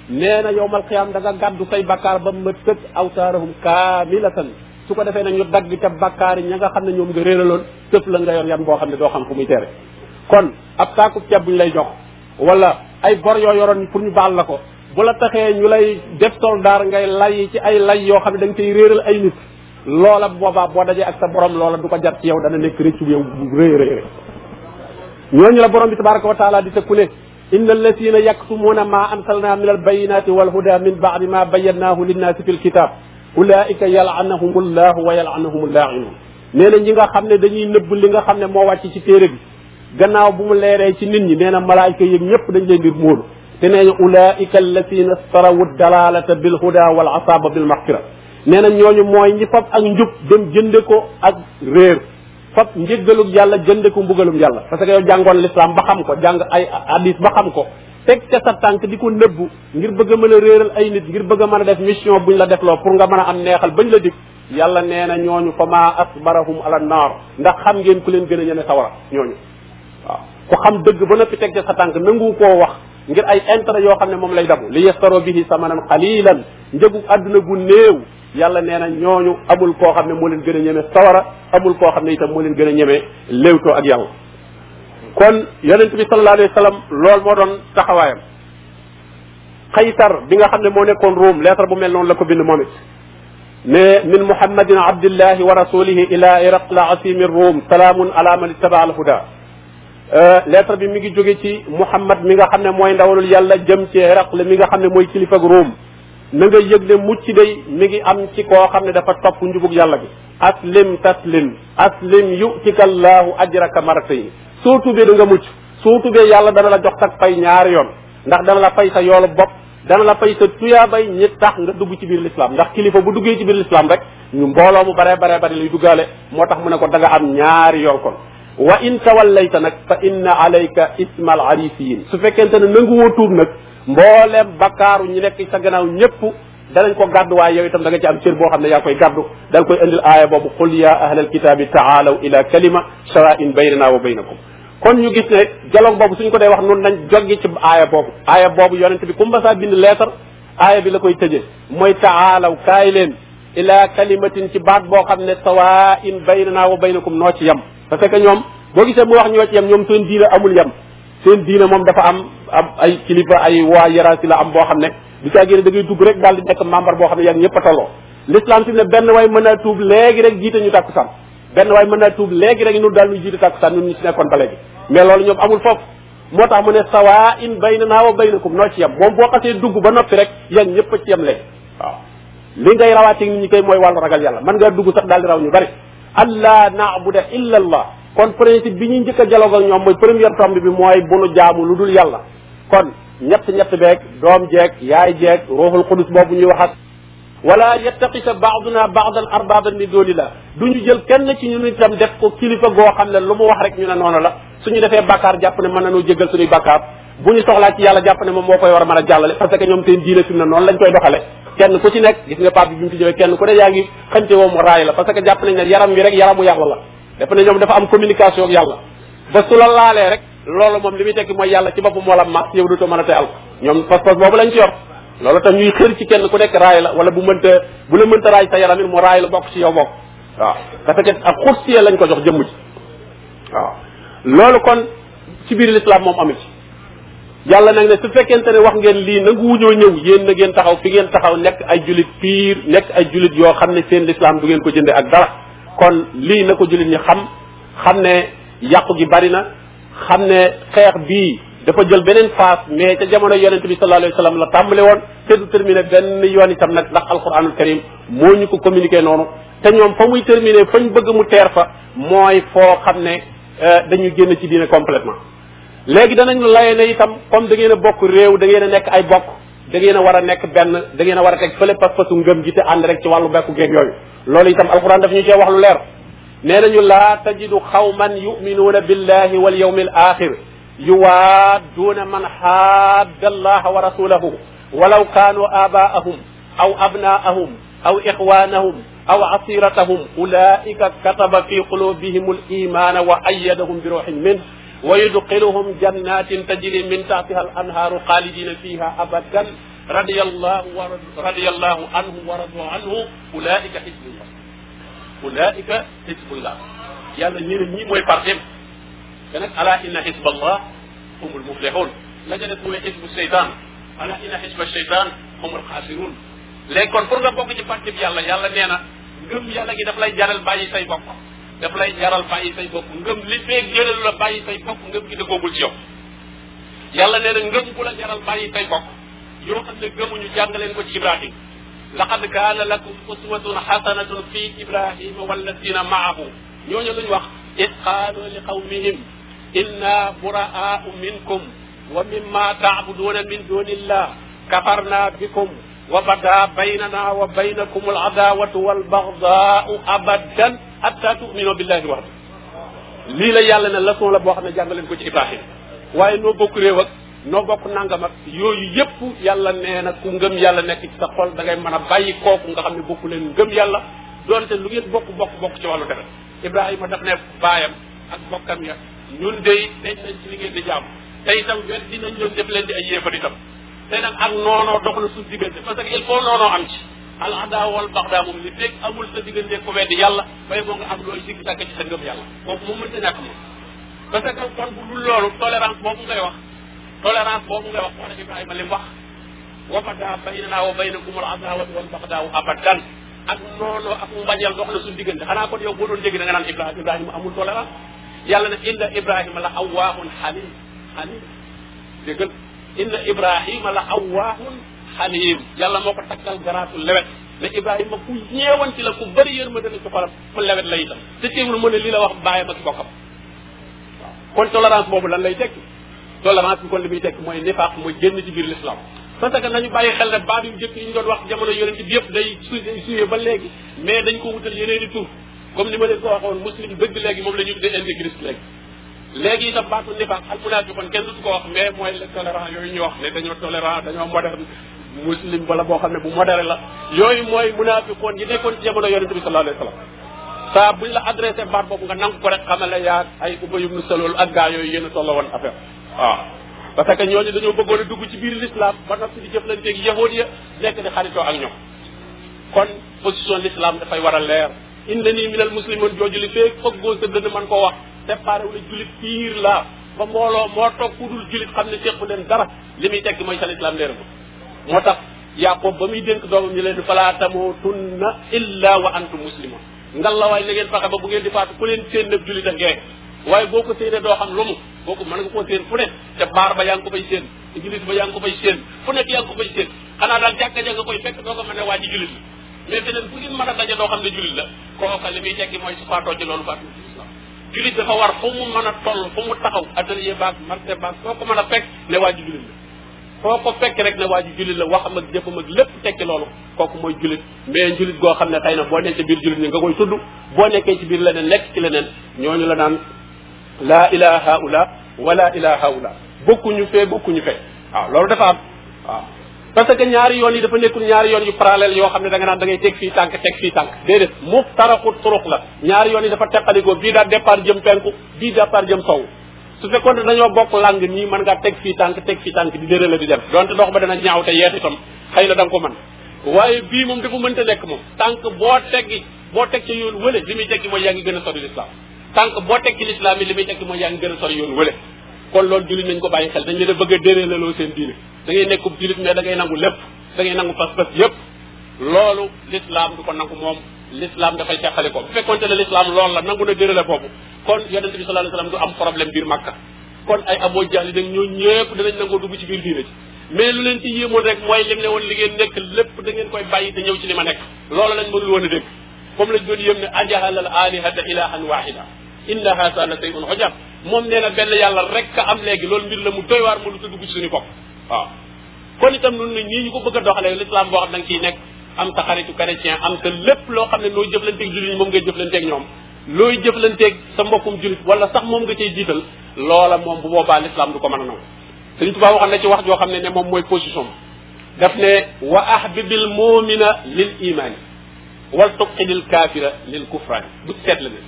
nee na yowmal qiyaam da nga gàddu say bakkaar ba ma tëg awsaarahum kaamilatan su ko defee nag ñu dagg ca bakkaar yi ña nga xam ne ñoom nga réeraloon sëf la nga yor yan boo xam ne doo xam fu muy tere kon ab saakub ceeb bu ñu lay jox wala ay bor yoo yoroon pour ñu baal la ko bu la taxee ñu lay def soldaar ngay lay ci ay lay yoo xam ne dañ nga koy réeral ay nit loola boobaa boo dajee ak sa borom loola du ko jar ci yow dana nekk rëccu yow bu rëy rëy rëy ñooñu la borom bi tabaraka wa taala di tëkku ne la inna alladina yaktumuuna ma ansalna min albayinati walhuda min baadi ma bayannahu linnaasi fi lkitab ulaika yal'anahum allahu wa yal'anahum allaainun nee na ñi nga xam ne dañuy nëbb li nga xam ne moo wàcc ci téere bi gannaaw mu leeree ci nit ñi nee na malaayka yëg ñëpp dañ leen di móolu te nee na ulaika alladina starawu dalalata bil huda wal asaba bil maxfira nee na ñooñu mooy ñi fab ak njub dem jënde ko ak réer fab njëggalum yàlla jënde ko mbugalum yàlla parce que yow jàngoon l'islam ba xam ko jàng ay hadis ba xam ko teg ca sa tànk di ko nëbbu ngir bëgg mën a réeral ay nit ngir bëgg a mën a def mission bu buñ la defloo pour nga mën a am neexal bañ la dig yàlla nee na ñooñu fa maa asbarahum ala ndax xam ngeen ku leen gën a ñene sawara ñooñu dëgg ba noppi teg ca sa tànk nangu koo wax ngir ay intérêt yoo xam ne moom lay dabu li yastaro bihi samanan qalilan njëgu àdduna gu néew yàlla nee na ñooñu amul koo xam ne moo leen gën a ñeme sawara amul koo xam ne itam moo leen gën a ñeme léewtoo ak yàlla kon yonent bi sallallahu alayhi lool moo doon taxawaayam xaytar bi nga xam ne moo nekkoon ruum lettre bu mel noonu la ko bind moom it ne min muhammadin abdillahi wa rasulihi ila iraqla asimi ruum salaamun ala man ittaba al huda Euh, leetar bi mi ngi jóge ci Muhammad mi nga xam ne mooy ndawalul yàlla jëm ci Héraqle mi nga xam ne mooy kilifa ak Room na nga yëg ne mucc day mi ngi am ci koo xam ne dafa topp njubug yàlla bi aslim taslim aslim yutika allahu ajraka maratayn soo tubee da nga mucc soo tubee yàlla dana la jox sag fay ñaari yoon ndax dana la fay sa yoolu bopp dana la fay sa tuyaabay ñi tax nga dugg ci biir l'islam ndax kilifa bu duggee ci biir l'islam rek ñu mbooloo mu baree baree bari lay duggaale moo tax mu ne ko da am ñaari yool wa in tawallayta nag fa inna alayka ismal arifiin su fekkente ne nanguwoo tuub nag mboolem bakkaaru ñu nekk sa gannaaw ñëpp danañ ko gàddu waaye yow itam da nga ci am cër boo xam ne yaa koy gàddu dal koy indil aaya boobu qul ya ahlal kitaabi taalaw ila kalima sawaa'in baynana wa baynakum kon ñu gis ne dialogue boobu suñ ko dee wax noonu nañ joggi ci aaya boobu aaya boobu yonente bi kumba saa bind leetar aaya bi la koy tëje mooy taalaw kaay leen ila kalimatin ci baat boo xam ne sawa in baynana wa baynakum noo ci yem parce que ñoom boo gisee wax ñoo ci yem ñoom seen diina amul yem seen diina moom dafa am ay kilifa ay waa yaraasi la am boo xam ne bi caa ngay dugg rek daal di nekk membre boo xam ne yaa ngi a tolloo l'islam fi ne benn waay mën a tuub léegi rek jiite ñu tàkkusaan benn waay mën a tuub léegi rek ñun daal ñu jiite tàkkusaan ñun ñu si nekkoon ba léegi mais loolu ñoom amul foofu moo tax mu ne sawa in baynana wa baynakum noo ci yem moom boo xasee dugg ba noppi rek yaa ngi ñëpp a ci yem léegi waaw li ngay rawaate nit ñi koy mooy wàllu ragal yàlla mën ngaa dugg sax daal di raw ñu bari allah naabuda illa allah kon principe bi ñuy njëkk a dialogue ak ñoom mooy première tombe bi mooy bu jaamu lu dul yàlla kon ñett ñett beeg doom jeeg yaay jeeg ruuxul xudus boobu ñuy wax wala yattaqisa baaduna baadan arbaaban min dunillah du ñu jël kenn ci ñun itam def ko kilifa goo xam ne lu mu wax rek ñu ne noonu la suñu defee bakkaar jàpp ne mën nañoo jéggal suñuy bakkaar bu ñu soxlaa ci yàlla jàpp ne moom moo koy war a mën a jàllale parce que ñoom seen diine fi mu ne noonu lañ koy doxale kenn ku ci nekk gis nga pape bi bi mu fi ñëwee kenn ku ne yaa ngi xënte woo mu raay la parce que jàpp nañ ne yaram wi rek yaramu am communication ak yàlla ba su la laalee rek li muy tekki mooy yàlla ci boppam moo la mas loolu tax ñuy xër ci kenn ku nekk raay la wala bu mënta bu la mënta raay sa yaram it mu raay la bokk ci yow bokk parce que ak xursiya lañ ko jox jëmm kon ci biir l'islam moom amit yàlla nag ne su fekkente ne wax ngeen lii nangu wuñoo ñëw yéen na ngeen taxaw fi ngeen taxaw nekk ay julit piir nekk ay julit yoo xam ne seen lislaam du ngeen ko jënde ak dara kon lii na ko julit ñi xam xam ne yàqu gi bari na xam ne xeex bii dafa jël beneen phase mais ca jamono yonente bi sallallahu alayhi wa sallam la tàmbali woon te du terminé benn yoon itam nag ndax al alquranul karim moo ñu ko communiqué noonu te ñoom fa muy terminé fañ bëgg mu teer fa mooy foo xam ne euh, dañuy génn ci diine complètement léegi danañ laye ne itam comme da ngeen a bokk réew da ngeen a nekk ay bokk da ngeen war a nekk benn da ngeen war a teg fële pas-pasu ngëm ji te ànd rek ci wàllu bekku géeg yooyu loolu itam alquran daf ñu cee wax lu leer nee nañu laa tajidu xawman yuminuuna billahi wal yawmil axir yuwaadduuna man xaadda allaha wa rasulahu walaw kaanu aabaa'ahum aw abnaa'ahum aw ixwaanahum aw asiratahum ulaika kataba fi qulubihim al imaana wa ayyadahum bi ruuxin min wa yudxiluhum jannatin tajri min taxtiha al anhaaru xaalidina fiha abadan radiyallahu wa radiyallahu anhum wa radu anhu ulaika xisbullah ulaika xisbullah yàlla nee na ñii mooy partem te nag ala inna xisba allah humul muflihun la nga def mu ne xisbu seytaan ala inna xisba seytaan humul xaasirun léegi kon pour nga bokk ci parti bi yàlla yàlla nee na ngëm yàlla gi daf lay jaral bàyyi say bopp daf lay jaral bàyyi say bopp ngëm li feeg jëlalu la bàyyi say bopp ngëm gi dëggoogul ci yow yàlla nee na ngëm bu la jaral bàyyi say bopp yoo xam ne gëmuñu jàng leen ko ci ibrahim laqad kaana lakum uswatun xasanatun fi ibrahima walladina maahu ñooñu luñ wax isqaalu li qawmihim inna buraa'u minkum wa mimma ta'buduna min dunillah kafarna bikum wa bada baynana wa baynakum al-adawatu wal-baghda'u abadan hatta tu'minu billahi wahdahu lii la yàlla ne leçon la boo xam ne jàng leen ko ci Ibrahim waaye noo bokk réew ak noo bokk nangam ak yooyu yépp yàlla nee na ku ngëm yàlla nekk ci sa xol da ngay mën a bàyyi kooku nga xam ne bokku leen ngëm yàlla doonte lu ngeen bokk bokk bokk ci wàllu deret Ibrahima daf ne baayam ak bokkam ya ñun dey dañ liggéey di jàmm te itam wet dinañ doon def leen di ay yéefar itam te nag ak noonoo dox na suñ diggante parce que il faut noonoo am ci al adaa wal baxdaa moom li fekk amul sa diggante ko weddi yàlla bay boo nga am loolu sikki sàkk ci sa ngëm yàlla kooku moom mënta nekk moom parce que kon bu dul loolu tolérance boobu ngay wax tolérance boobu ngay wax xoolal Ibrahima li mu wax wa badaa baynanaa wa baynakum al adaawatu wal baxdaau abadan ak noonoo ak na suñ diggante xanaa kon yow boo doon dégg da nga naan yàlla ne inna ibrahima la awwaahun xalim xalim déggal inna ibrahima la awwaahun xalim yàlla moo ko takkal garaatu lewet ne ibrahima ku ñeewanti la ku bëri yërmande la ci xolam ku lewet la itam te teewul mu ne lii la wax bàyyam ak bokkam waaw kon tolérance boobu lan lay tekki tolérance bi kon li muy tekki mooy nifaaq mooy génn ci biir l'islam parce que nañu bàyyi xel ne baat yu njëkk yi ñu doon wax jamono yonent bi yëpp day su ba léegi mais dañ ko wutal yeneen i tur comme ni ma leen ko waxoon muslim dëgg léegi moom la ñu tuddee intégriste léegi léegi itam baatu nifaq almunaat bi kon kenn du ko wax mais mooy le tolérant yooyu ñu wax ne dañoo tolérant dañoo moderne muslim wala boo xam ne bu modéré la yooyu mooy munaafiqoon yi nekkoon ci jamono yonente bi sallallahu alayhi wa sallam saa buñ la adressé baat boobu nga nangu ko rek xamal ne yaa ay Ubay ibn Salul ak gaa yooyu yéen a tolloo woon affaire waaw parce que ñooñu dañoo bëggoon a dugg ci biir l'islam ba noppi di jëflanteeg yahuud ya nekk di xaritoo ak ñoom kon position l'islam dafay war a leer innani minal muslimin jooju li feeg fëggoo sa dënn man ko wax séparé wu la julit piir laa ba mbooloo moo toog ku julit xam ne sequ leen dara li muy tekki mooy sa lislaam leer moo tax Yaaqoob ba muy dénk doomam ñu leen falaa tamuutunna illa wa antum muslimun ngallaawaay na ngeen fexe ba bu ngeen di faatu ku leen seen nag julit a ngeen waaye boo ko séenee doo xam lu mu boo ko mën nga koo séen fu te baar ba yaa ngi ko fay séen te julit ba yaa ngi ko fay séen fu nekk yaa ngi ko fay séen xanaa daal jàkka ja nga koy fekk doo ko mën waa ji julit mais beneen bu ngeen a daje doo xam ne jullit la kooka li muy tekki mooy su faatoo ci loolu faatu islam jullit dafa war fu a toll fu mu taxaw atelier baas marché baas foo ko mën a fekk ne waa ji jullit la foo ko fekk rek ne waa ji jullit la waxam ak jëfam ak lépp tekki loolu kooku mooy jullit mais jullit goo xam ne xëy na boo nekk ci biir jullit ni nga boo nekkee ci biir leneen nekk ci leneen ñooñu la naan laa ilaha haula wala ilaha haula bokkuñu fee bokkuñu fee waaw loolu dafa am waaw parce que ñaari yoon yi dafa nekkul ñaari yoon yu parallèle yoo xam ne da nga naan da ngay teg fii tànk teg fii tànk déedéet mu taraxu turux la ñaari yoon yi dafa teqalikoo bii daa départ jëm penku bii départ jëm sow su fekkoon dañoo bokk lang nii mën ngaa teg fii tànk teg fii tànk di déré la di dem donte dox ba dana ñaaw te yeet itam xëy na da nga ko mën waaye bii moom dafa mënta nekk moom tànk boo teggi boo teg ci yoon wële li muy tekki mooy yaa a sori lislaam teg ci mooy yaa ngi da ngay nekkub jullit mais da ngay nangu lépp da ngay nangu pas-pas yépp loolu l'islam du ko nangu moom l'islam dafay teqali ko bu fekkonte ne l'islam loolu la nangu na dérële boobu kon yonente bi sallallahu alayhi wasallam am problème biir Makka kon ay aboo jaali nag ñoo ñëpp danañ nangoo dugg ci biir diine mais lu leen ci yéemoon rek mooy lim ne woon li ngeen nekk lépp da ngeen koy bàyyi te ñëw ci li ma nekk loolu lañ mënul woon a dégg comme lañ doon yéem ne ajaxal al alihata ilahan inna hasa la sey moom nee na benn yàlla rek a am léegi loolu mbir la mu doy waar mënu ta dugg ci suñu waaw kon itam nun nit ñii ñu ko bëgg a doxalee l'islam boo xam da nga nekk am sa xaritu chrétien am sa lépp loo xam ne looy jëflanteeg jullit ñi moom ngay jëflanteeg ñoom looy jëflanteeg sa mbokkum jullit wala sax moom nga cay jiital loola moom bu boobaa l'islam du ko mën a nangu Sëriñ Tuubaa waxoon na ci wax joo xam ne ne moom mooy position daf ne wa ahbibil mu'mina lil imaani wal tuqidil kaafira lil kufraani bu seet la ne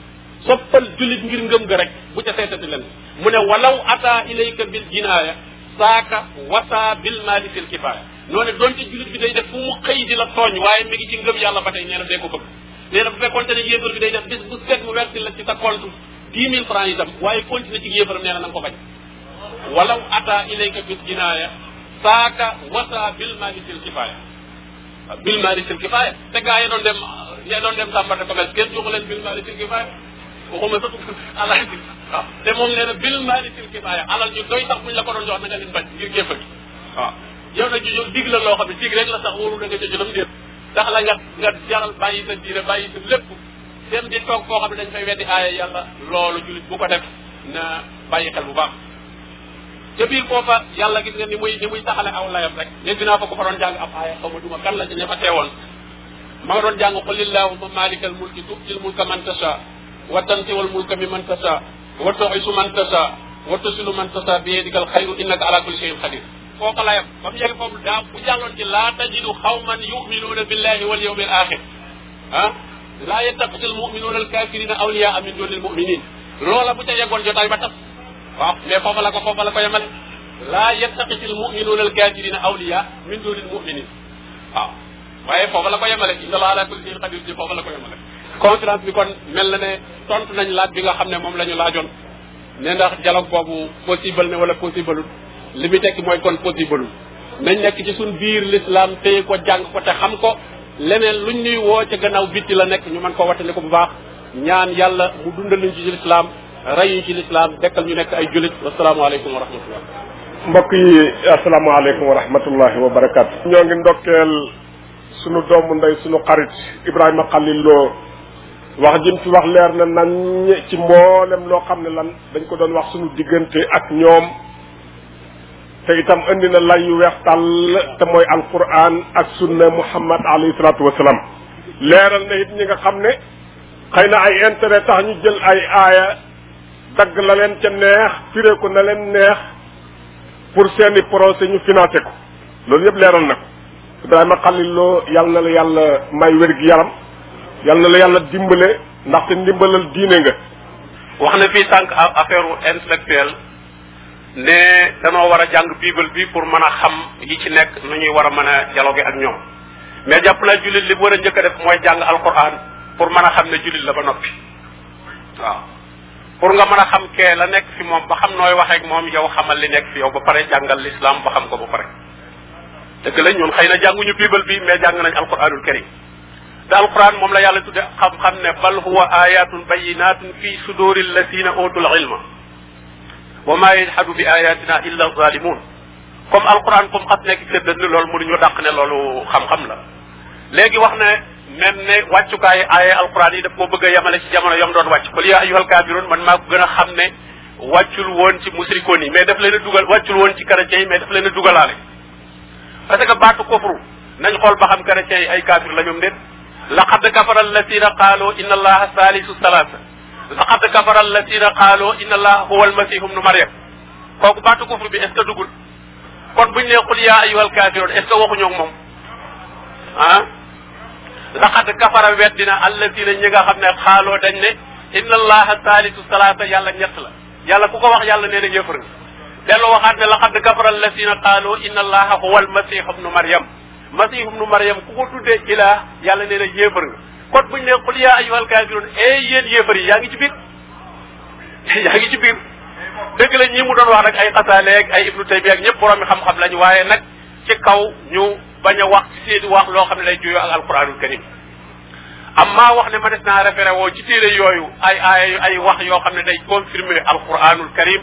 soppal jullit ngir ngëm nga rek bu ca seetati len mu ne walaw ata ilayka bil jinaaya saaka wasaa bil maali fil kifaaya noonu donte jullit bi day def fu mu xëy di la tooñ waaye mi ngi ci ngëm yàlla ba tey nee na dee ko bëgg nee na bu fekkoonte ne yéefar bi day def bis bu set mu werti la ci sa compte dix mille francs itam waaye continué ci yéefaram nee na na nga ko bañ walaw ata ilayka bis jinaaya saaka wasaa bil maali fil kifaaya ah, bil maali fil kifaaya te gaa yi doon dem ya doon dem sàmbate commerce kenn joxu leen bil maali fil kifaaya waxuma sax waaw te moom nee na bil maali til kifaaya alal ñu doy sax buñ la ko doon jox da nga leen bañ ngir a gi waaw yow nag ñu dig la loo rek la sax wóorul da nga ca jotam déet ndax la nga nga jaral bàyyi sa diine bàyyi sa lépp dem di toog koo xam ne dañ fay weddi aaya yàlla loolu jullit bu ko def na bàyyi xel bu baax ca biir foofa yàlla gis nga ni muy ni muy taxale aw layam rek ne dinaa fa ko fa doon jàng ab aaya xaw ma duma kan la ci ne fa teewoon ma nga doon jàng qul illahumma malikal mulki tu'til mulka man tasha wa tantiwal mulka mimman tasha wa tu'izu man tasa wa tusilu man tasa bi yadikal xayru innaka ala kulli shay'in qadir foofa la yem ba mu yegg foofu daa bu jàlloon ci laa tajidu xawman yuminuuna billahi wal yawmil axir ah laa yattaxidil muminuuna al kafirina awliyaa min dunil muminin loola bu ca yeggoon jotaay ba tas waaw mais foofa la ko foofa la ko yemale laa yattaxidil muminuuna al kafirina awliyaa min dunil muminin waaw waaye foofa la ko yemale inna allah ala kulli shay'in qadir ci foofa la ko yemale conférence bi kon mel na ne tont nañ laaj bi nga xam ne moom la ñu laajoon ne ndax dialogue boobu possible ne wala possible li muy tekki mooy kon possible nañ nekk ci suñ biir l'islam téye ko jàng ko te xam ko leneen luñ ñuy woo ca gannaaw bitti la nekk ñu man ko wattandi ko bu baax ñaan yàlla mu dundal ñu ci l'islam rey ñu ci l'islam dekkal ñu nekk ay jullit wasalaamaaleykum wa rahmatullah mbokk yi asalaamaaleykum wa rahmatullahi wa barakatu ñoo ngi ndokkeel doomu ndey sunu xarit Ibrahima Khalil Lo wax jim fi wax leer na nañ ci mboolem loo xam ne lan dañ ko doon wax suñu diggante ak ñoom te itam indi na lay yu weex tàll te mooy alquran ak sunna muhammad alayhi salaatu wasalaam leeral na it ñi nga xam ne xëy na ay intérêt tax ñu jël ay aaya dagg la leen ca neex firé ko na leen neex pour seeni procès ñu financé ko loolu yëpp leeral na ko Ibrahima Xalil Lo yàlla na la yàlla may wér yaram yal na la yàlla dimbale ndaxte ndimbalal diine nga wax na fii sànq affaire intellectuelle ne danoo war a jàng bible bi pour mën a xam yi ci nekk nu ñuy war a mën a dialoguer ak ñoom mais jàpp naa jullit li mu war a njëkk a def mooy jàng alquran pour mën a xam ne jullit la ba noppi waaw pour nga man a xam kee la nekk fi moom ba xam nooy waxeek moom yow xamal li nekk fi yow ba pare jàngal l'islam ba xam ko ba pare dëgg la ñun xëy na jànguñu bible bi mais jàng nañ alquranul karim te alquran moom la yàlla tudde xam-xam ne bal huwa ayatun bayinatun fi suduri alladina utul ilma wa ma yajhadu bi ayatina illa zalimun comme alquran comme xas nekk ci dënn loolu mënuñu dàq ne loolu xam-xam la léegi wax ne même ne wàccukaay aaya alquran yi daf koo bëgg a yemale ci jamono yom doon wàcc qul yaa ayyuhal kaafiruun man maa gën a xam ne wàccul woon ci musrikoon yi mais daf leen a dugal wàccul woon ci chrétiens yi mais daf leen a dugalaale parce que baatu nañ xool ba xam chrétiens ay kaafir la ñoom déet laqad kafara alladina qaalu inna allaha salisu salaasa laqad kafara alladina qaalu inna allaha huwa almasihu bnu maryam kooku baatu kufur bi est ce que dugul kon buñ ne qul yaa ayuha alkaafiroon est ce que waxuñoo moom ah laqad kafara weddina alladina ñi nga xam ne xaaloo dañ ne inna allaha salisu salaasa yàlla ñett la yàlla ku ko wax yàlla nee na yëfër nga dellu waxaat ne laqad kafara alladina qaalu inna allaha huwa almasihu bnu maryam masiihu ibnu maryam ku ko tuddee ilaa yàlla nee na yéefar nga kon buñu ne qul yaa ayyuhal kaafiruun ee eh, yéen yéefar yi yaa ngi ci biir yaa ngi ci biir dëgg la ñi mu doon wax rek ay xasaaleeg ay ibnu taymiya ak ñëpp borom mi xam-xam lañu waaye nag ci kaw ñu baña wax ci seeni wax loo xam ne lay juyoo ak alquranul karim amma wax ne ma des naa référé woo ci téere yooyu ay ay wax yoo xam ne day confirmer alquranul karim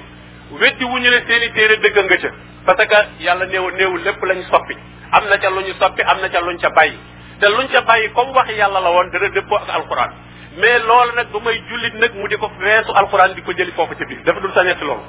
weddi wuñu ne seeni téere dëgg nga ca parce que yàlla néew néewul lépp lañ soppi am na ca lu ñu soppi am na ca luñ ca bàyyi te luñ ca bàyyi comme wax yàlla la woon dana dëppoo ak alquran mais loolu nag du may jullit nag mu di ko weesu alquran di ko jëli foofu ca biir dafa dul sa ñetti loolu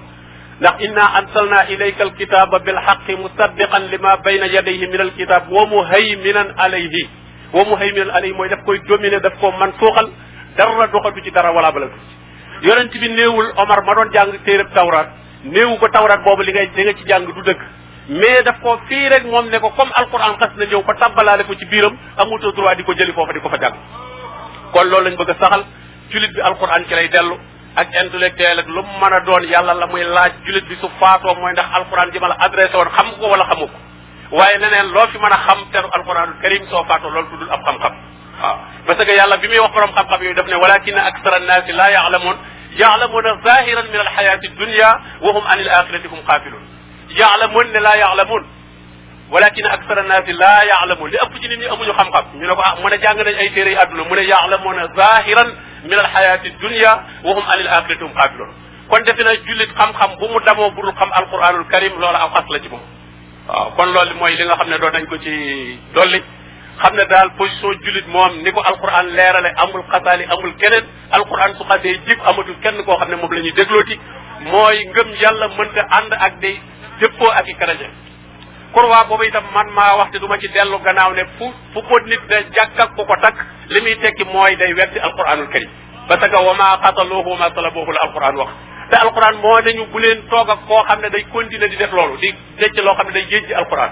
ndax inna ansalna ilayka alkitaba bilxaqi musaddiqan lima bayna yadayhi min alkitab wa muhayminan alayhi wa muhayminan alayhi mooy daf koy dominer daf ko man suuxal dara doxatu ci dara wala la ci yonent bi néewul Omar ma doon jàng téereb tawraat néewu ko tawraat boobu li ngay li nga dëgg mais daf ko fii rek moom ne ko comme alquran xas na ñëw ba tàmbalaale ko ci biiram amutoo droit di ko jëli foofa di ko fa jàng kon loolu lañ bëgg a saxal julit bi alquran ci lay dellu ak intellectuel ak lu mu mën a doon yàlla la muy laaj julit bi su faatoo mooy ndax alquran ji ma la adressé woon xam ko wala xamu ko waaye leneen loo fi mën a xam teru alquranul karim soo faatoo loolu tuddul ab xam-xam waaw parce que bi muy wax borom xam-xam yooyu def ne walakina aksara annaasi laa yaalamuun ne laa yaalamuun walakin aksara annaasi laa yaalamuun li ëpp ci nit ñi amuñu xam-xam ñu ne ko ah mu ne jàng nañ ay téere yi àdduna mu ne yaalamuuna zahiran min alxayaati dunia wa hum anil axirati hum xaafiloon kon defe na jullit xam-xam bu mu damoo budul xam alquranul karim loola aw xas la ci moom waaw kon loolu mooy li nga xam ne doon nañ ko ci dolli xam ne daal position jullit moom ni ko alquran leerale amul xasaali amul keneen alquran su xasee jib amatul kenn koo xam ne moom la ñuy déglooti mooy ngëm yàlla mënta ànd ak day dëppoo ak i karaja kurwa boobu itam man maa wax te ma ci dellu gannaaw ne fu fu ko da jàkk ak ku ko takk li muy tekki mooy day weddi alquranul karim parce que wa maa xataluuhu wa maa salabuuhu la alquran wax te alquran moo nañu bu leen toog koo xam ne day continuer di def loolu di decc loo xam ne day yéjji alquran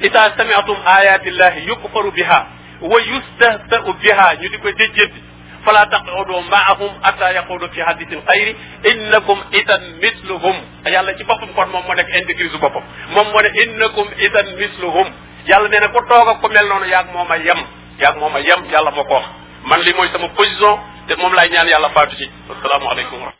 ida samiatum ayatillahi yukfaru biha wa yustahzau biha ñu di ko déjjénti fala taqudu maahum hatta yaqudu fi hadisil xayri innakum itan misluhum yàlla ci boppam kon moom moo def indicri su boppam moo ne innakum itan misluhum yàlla nee na ku toog ak ku mel noonu yaag moom a yem yaag moom a yem yàlla moo ko wax man li mooy sama position te moom laay ñaan yàlla faatu ci asalaamaaleykum